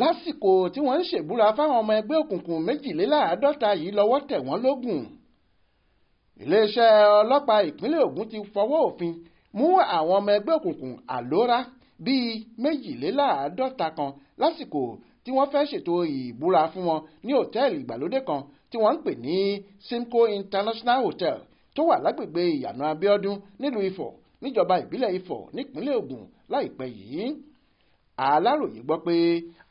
lásìkò tí wọ́n ń ṣèbúra fáwọn ọmọ ẹgbẹ́ òkùnkùn méjìléláàádọ́ta yìí lọ́wọ́ tẹ̀ wọ́n lógún iléeṣẹ́ ọlọ́pàá ìpínlẹ̀ Ògùn ti fọwọ́ òfin mú àwọn ọmọ ẹgbẹ́ òkùnkùn àlóra bíi méjìléláàádọ́ta kan lásìkò tí wọ́n fẹ́ ṣètò ìbúra fún wọn ní òtẹ́ẹ̀lì ìgbàlódé kan tí wọ́n ń pè ní Simco International Hotel tó wà lágbègbè ìyànà Abíọ́dún nílùú Ifọ̀ níjọba ìbílẹ̀ Ifọ̀ nípínlẹ̀ Ògùn láìpẹ́ yìí aláròye gbọ́ pé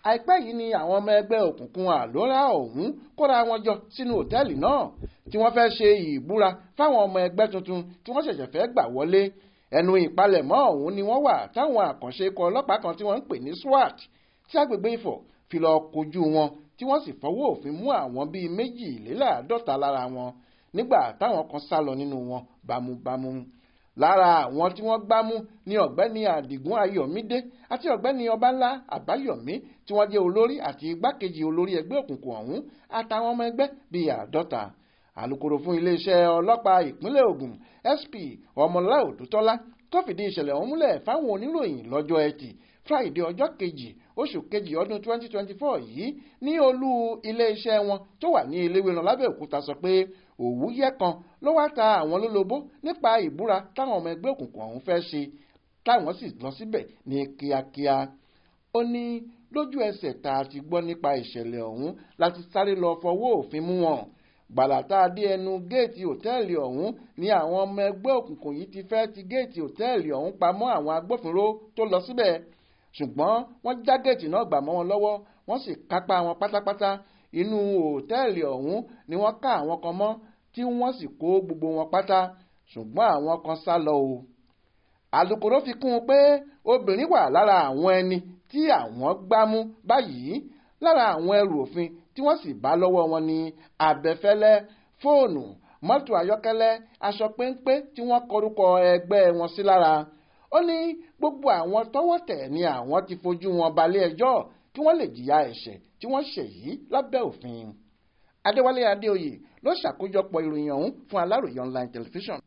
àìpẹ́ yìí ni àwọn ọmọ ẹgbẹ́ òkùnkùn àlórà ọ̀hún kóra wọn jọ sínú òtẹ́ẹ̀lì náà tí wọ́n fẹ́ ṣe ìbúra fáwọn ọmọ ẹgbẹ́ tuntun tí wọ́n ṣẹ̀ṣẹ̀ fẹ́ gbà wọlé ẹnu ìpalẹ̀mọ́ ọ̀hún ni wọ́n wà táwọn àkànṣe ikọ̀ ọlọ́pàá kan tí wọ́n ń pè ní SWAT tí agbègbè Ifọ̀ fi lọ kojú wọn tí wọ́n sì fọwọ́ òfin mú àwọn bíi méjìléláàádọ́ta lára wọn nígbà táwọn kan sá lọ nínú wọn bámúbámú lára àwọn tí wọ́n gbámú ni ọ̀gbẹ́ni àdìgún ayọ̀mídé àti ọ̀gbẹ́ni ọbánlá àbáyọ̀mí tí wọ́n jẹ́ olórí àti igbákejì olórí ẹgbẹ́ òkùnkùn ọ̀hún àtàwọn ọmọ ẹgbẹ́ bíi àádọ́ta alūkkóró fún iléeṣẹ́ ọlọ́pàá ìpínlẹ̀ Ògùn SP ọmọlá òdútọ́lá tó fìdí ìṣẹ̀lẹ̀ ọ̀hún múlẹ̀ fáwọn oníròyìn lọ́jọ́ ẹtì Friday ọjọ́ kejì oṣù kejì ọdún 2024 yìí ní olú iléeṣẹ́ wọn tó wà ní eléwéran lábẹ́òkúta sọ pé òwú yẹ kan ló wá ta àwọn lólobó nípa ìbúra táwọn ọmọ ẹgbẹ́ òkùnkùn ọ̀hún fẹ́ ṣe táwọn sì lọ síbẹ̀ ní kíákíá ó ní lójú ẹsẹ̀ tá a ti gbọ́ nípa ìṣẹ̀lẹ̀ ọ̀hún láti sáré lọ fọwọ́ òfin mú wọn gbàlàtà dé ẹnu géètì òtẹ́ẹ̀lì ọ̀hún ni àwọn ọmọ ẹgbẹ́ òkùnkùn yìí ti fẹ́ ti géètì òtẹ́ẹ̀lì ọ̀hún pamọ́ àwọn agbófinró tó lọ síbẹ̀ ṣùgbọ́n wọ́n já géètì náà gbà mọ́ wọn lọ́wọ́ wọ́n sì kápá wọn pátápátá inú òtẹ́ẹ̀lì ọ̀hún ni wọ́n ká àwọn kan mọ́ tí wọ́n sì kó gbogbo wọn pátá ṣùgbọ́n àwọn kan sá lọ o. alūkkóró fi kún un pé obìnrin wà lára àwọn ẹni tí àwọn gbá mú báyìí lára àwọn ẹrù òfin tí wọ́n sì bá lọ́wọ́ wọn ní abẹfẹ́lẹ́ fóònù mọ́tò ayọ́kẹ́lẹ́ aṣọ péńpé tí wọ́n kọrúkọ ẹgbẹ́ wọn sí lára ó ní gbogbo àwọn tọ́wọ́ ni àwọn ti fojú wọn balẹ̀ ẹjọ́ kí wọ́n lè jìyà ẹ̀ṣẹ̀ tí wọ́n ṣe yìí lábẹ́ òfin. Adéwálé Adéoyè ló ṣàkójọpọ̀ ìròyìn ọ̀hún fún Aláròyé online television.